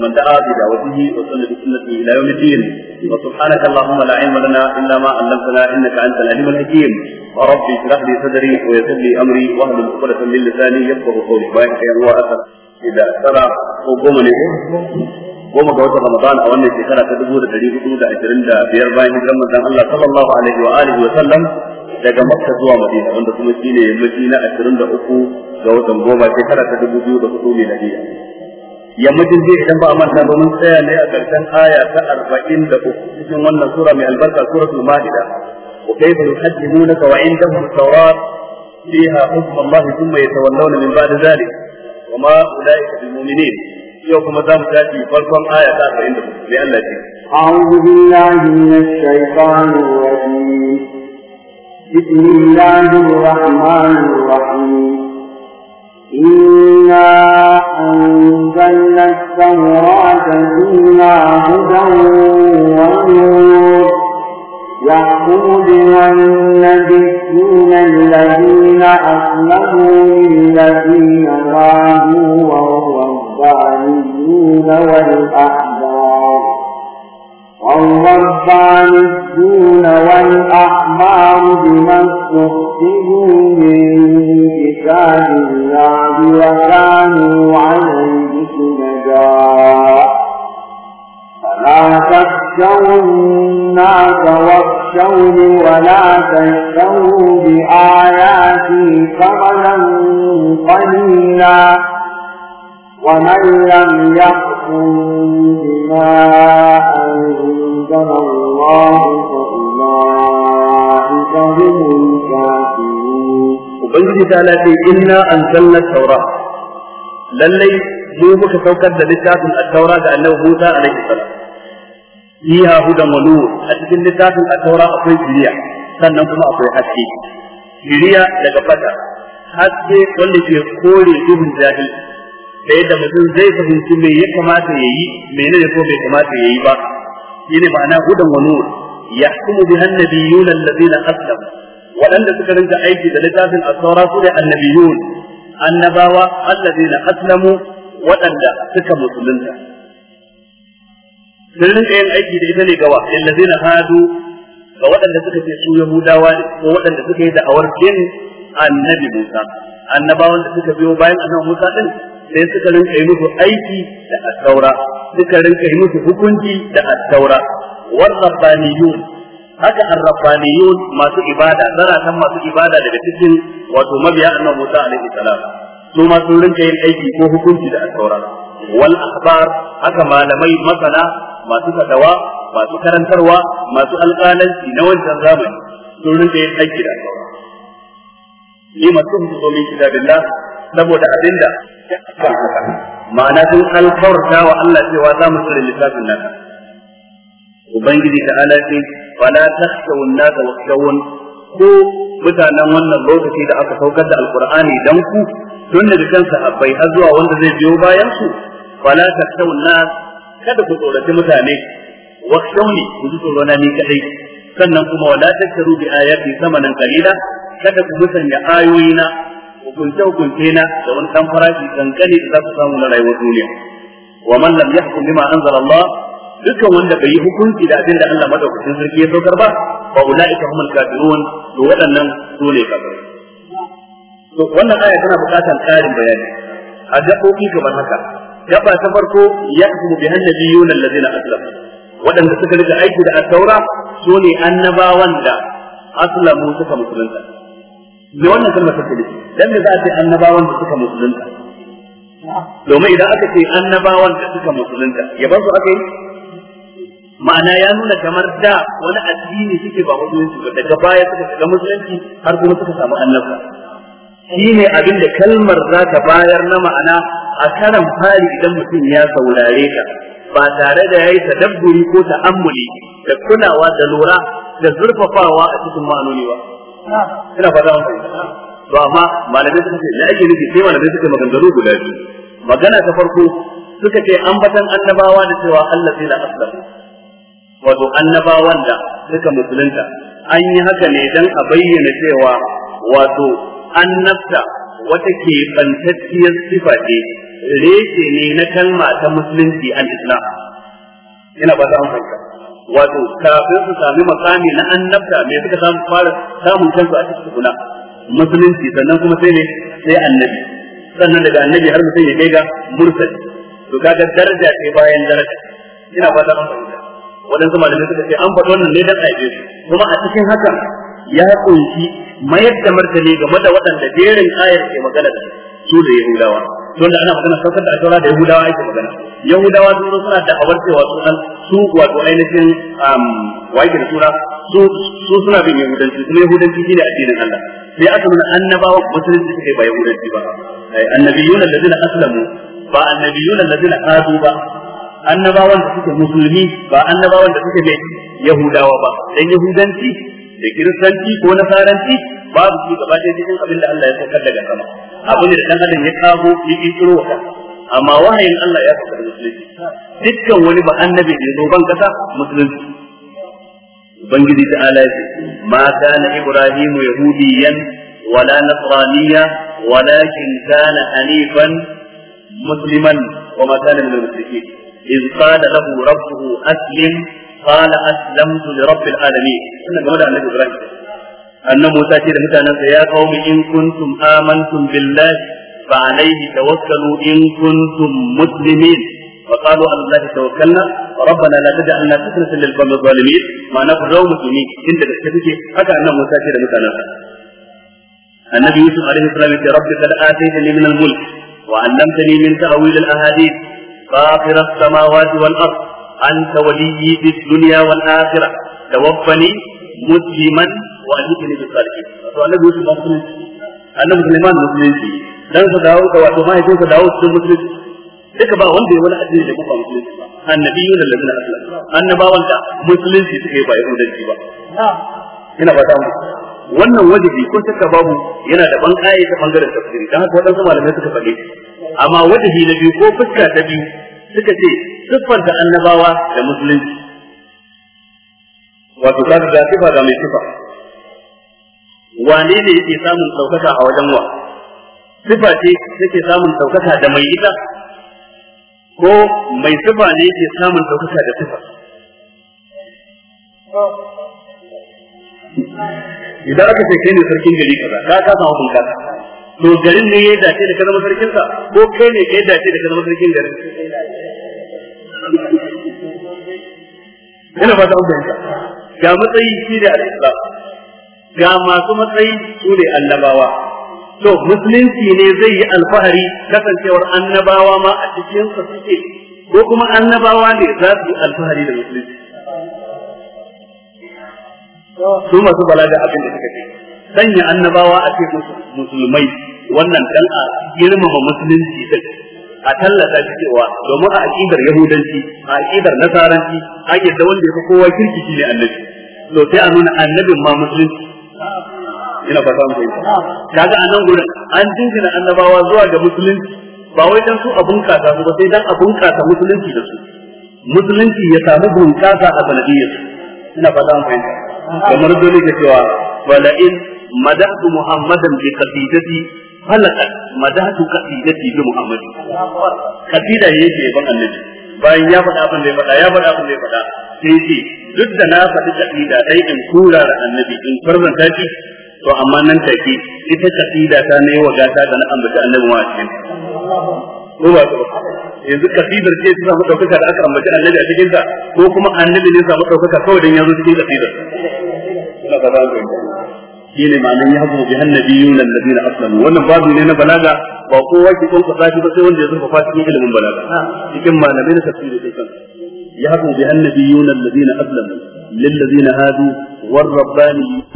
ومن دعا بدعوته وسن بسنته الى يوم الدين وسبحانك اللهم لا علم لنا الا ما علمتنا انك انت العليم الحكيم ورب اشرح لي صدري ويسر لي امري واهل عقدة من لساني يفقه قولي باين خير واثر اذا ترى وقوم goma ga watan Ramadan a wannan shekara ta dubu da dari hudu da ashirin da biyar bayan hijiran manzon Allah sallallahu alaihi wa alihi wa sallam daga Makka zuwa Madina wanda kuma shine yammaci na ashirin da uku ga dubu da yammacin jiya idan ba a manta ba mun tsaya ne a ƙarshen aya ta arba'in da uku cikin wannan sura mai albarka suratul ma'ida wa kayfa yuhajjimuna wa indahum tawrat fiha hukm Allah thumma yatawallawna min ba'di dhalik wa ma ulaika bil mu'minin yau kuma zamu tafi farkon aya ta 44 mai Allah ce أعوذ بالله من الشيطان الرجيم بسم الله الرحمن الرحيم إنا أنزلنا التوراة فيها هدى ونور يحكم بها النبيون الذين أسلموا للذين هادوا وهو والأحبار والربانيون المسكين والأحمار بما استخدموا من كتاب الله وكانوا عليه شهداء فلا تخشوا الناس واخشوني ولا تشتروا بآياتي ثمنا قليلا ومن لم يحكم بما ubangiji ta lafi inna an sallar taura lallai mu muka saukar da littafin a taura ga annabi Musa alaihi salam fiha hudan wani nur a cikin littafin a taura akwai shiriya sannan kuma akwai haske shiriya daga fata haske wanda ke kore duhun jahil da yadda mutum zai fahimci me ya kamata ya yi me menene ko bai kamata ya yi ba shine ma'ana hudan wa bi hannabi bihan nabiyuna alladhina aslamu waɗanda suka rinka aiki da littafin as-saura su da annabiyun annabawa na aslamu waɗanda suka musulunta sun rinka yin aiki da ita ne gawa alladheena hadu ga waɗanda suka ce su yahudawa ne ko waɗanda suka yi da'awar kin annabi Musa annabawan da suka biyo bayan annabi Musa din sai suka rinka yi musu aiki da as suka rinka yi musu hukunci da as-saura war rabbaniyun haka arrafaniyun masu ibada zaratan masu ibada daga cikin wato mabiya annabi Musa alaihi salam su ma sun rinka yin aiki ko hukunci da alƙawara wal akhbar haka malamai masana masu fadawa masu karantarwa masu alƙalanci na wancan zamani sun rinka yin aiki da alƙawara ni masu hukumo min kitabillah saboda abinda ya haka ma'ana sun alƙawarta wa Allah cewa za mu tsare littafin nan ubangiji ta ala fala takhshawun nas wakhshawun ko mutanen wannan lokaci da aka saukar da alqur'ani dan ku tun daga kan har zuwa wanda zai biyo bayan su fala takhshawun nas kada ku tsoraci mutane wakhshawni ku ji tsorona ni kadai sannan kuma wala tashtaru bi ayati samanan qalila kada ku musanya ayoyina hukunce hukunce na da wani dan farashi kankani da za ku samu na rayuwar duniya wa man lam yahkum bima anzala Allah dukkan wanda bai yi hukunci da abin da Allah madaukakin sarki ya saukar ba fa ulaika humul kafirun to waɗannan su ne kafirai to wannan aya tana buƙatar ƙarin bayani a gaɓoɓi kamar haka gaba ta farko ya kuma bi hannabi hannabiyuna allazina Aslam. waɗanda suka rika aiki da asaura su ne annabawan da aslamu suka musulunta me wannan kalmar take nufi dan me za a ce annabawan da suka musulunta domin idan aka ce annabawan da suka musulunta ya yaban su aka yi ma'ana ya nuna kamar da wani addini suke ba musulunci ba daga baya suka shiga musulunci har kuma suka samu annabta shi ne abin da kalmar za ta bayar na ma'ana a karan fari idan mutum ya saurare ka ba tare da yayi tadabburi ko ta'ammuli da kulawa da lura da zurfafawa a cikin ma'anoni ba ina fata mun to amma malamai suka ce da ake nufi sai malamai suka maganganu guda biyu magana ta farko suka ce ambatan annabawa da cewa Allah sai la aslamu wato annabawan da suka musulunta an yi haka ne don a bayyana cewa wato annabta wata ke bantacciyar sifa ce reshe ne na kalma ta musulunci an islam ina ba ta amfanta wato kafin su sami makami na annabta me suka samu fara samun kansu a cikin guna musulunci sannan kuma sai ne sai annabi sannan daga annabi har mutum ya kai ga mursali to kaga daraja ce bayan daraja ina ba ta amfanta waɗansu malamai suka ce an faɗi wannan ne dan aibe su kuma a cikin hakan ya kunshi mayar da martani game da waɗanda jerin ayar ke magana da su da yahudawa da ana magana saukar da ashura da yahudawa ake magana yahudawa sun suna da awar cewa su an su wato ainihin waje da sura su su suna bin yahudanci kuma yahudanci shine addinin Allah sai aka nuna annabawa musulunci suke ba yahudanci ba annabiyuna zina aslamu ba annabiyuna zina hadu ba annabawan da suke musulmi ba annabawan da suke mai yahudawa ba dan yahudanci da kiristanci ko nasaranci babu su gaba da cikin abin da Allah ya saukar daga sama abin da dan adam ya kago ya kiro wa amma wahayin Allah ya saukar musulunci dukkan wani ba annabi da zo ban kasa musulunci ubangiji ta ala ya ce. ma kana ibrahimu yahudiyan wala nasraniya walakin kana hanifan musliman wa ma kana min al-mushrikeen إذ قال له ربه أسلم قال أسلمت لرب العالمين إن جمال النبي إبراهيم أن موسى تير متانا يا قوم إن كنتم آمنتم بالله فعليه توكلوا إن كنتم مسلمين فقالوا على الله توكلنا ربنا لا تجعلنا فتنة للقوم الظالمين ما نفروا مسلمين إن تكتبك حتى أن موسى تير متانا النبي يوسف عليه السلام يقول رب قد آتيتني من الملك وعلمتني من تأويل الأحاديث فاطر السماوات والأرض أنت ولي في الدنيا والآخرة توفني مسلما وألحقني بالصالحين فالنبي يوسف مسلم annabi Sulaiman musulunci dan sa dawo ka wato mahaifin sa dawo cikin musulunci duka ba wanda ya wani addini da kuma musulunci annabiyyu da lazina aslam annabawan da musulunci suke ba yahudanci ba ina fata mu wannan wajibi kun saka babu yana da ban ta bangaren tafsiri dan haka wadansu malamai suka faɗi amma wajibi na biyu ko fuska ta biyu suka ce siffar da annabawa da musulunci wato kaga ga sifa ga mai sifa wane ne yake samun ɗaukaka a wajen wa sifa ce take samun ɗaukaka da mai ita ko mai sifa ne yake samun ɗaukaka da sifa idan aka ce kai ne sarkin gari kaza ka ka samu hukunta to garin ne ya dace da ka zama sarkin ko kai ne ka dace da ka zama sarkin garin yana ba ta an ga matsayi shi ne al'islam ga masu matsayi su ne annabawa to musulunci ne zai yi alfahari kasancewar annabawa ma a cikinsa suke ko kuma annabawa ne za su yi alfahari da musulunci su masu da abin da suka ce sanya annabawa a ce musulmai wannan dan a girmama musulunci din a tallata shi cewa domin a aqidar yahudanci a aqidar nasaranci a yadda wanda ya fi kowa kirki shine annabi to sai a nuna annabin ma musulunci ina fata mu fahimta kaga a nan gurin an dingina annabawa zuwa ga musulunci ba wai dan su a bunƙasa su ba sai dan a bunƙasa musulunci da su musulunci ya samu bunƙasa a sanadiyyar ina fata mu fahimta kamar dole ke cewa wala in madahu muhammadan bi qasidati halaqat madatu qasidati bi Muhammadu. kasida yake ban annabi bayan ya faɗa abin da ya faɗa ya faɗa abin da ya faɗa sai ce duk da na faɗi kasida dai in kura da annabi in farzanta shi to amma nan take ita kasida ta ne wa gata ga na ambata annabi a cikin ko ba ta yanzu kasidar ce ta samu ɗaukaka da aka ambaci annabi a cikin ko kuma annabi ne samu ɗaukaka kawai don ya zo cikin kasidar shine ma'anar ya hafu bi annabiyun alladina aslamu wannan babu ne na balaga ba kowa ki kun fasa ba sai wanda ya zurfa cikin ilimin balaga cikin malamai na tafsiri sai kan ya hafu bi annabiyun alladina aslamu lil ladina hadu war rabbani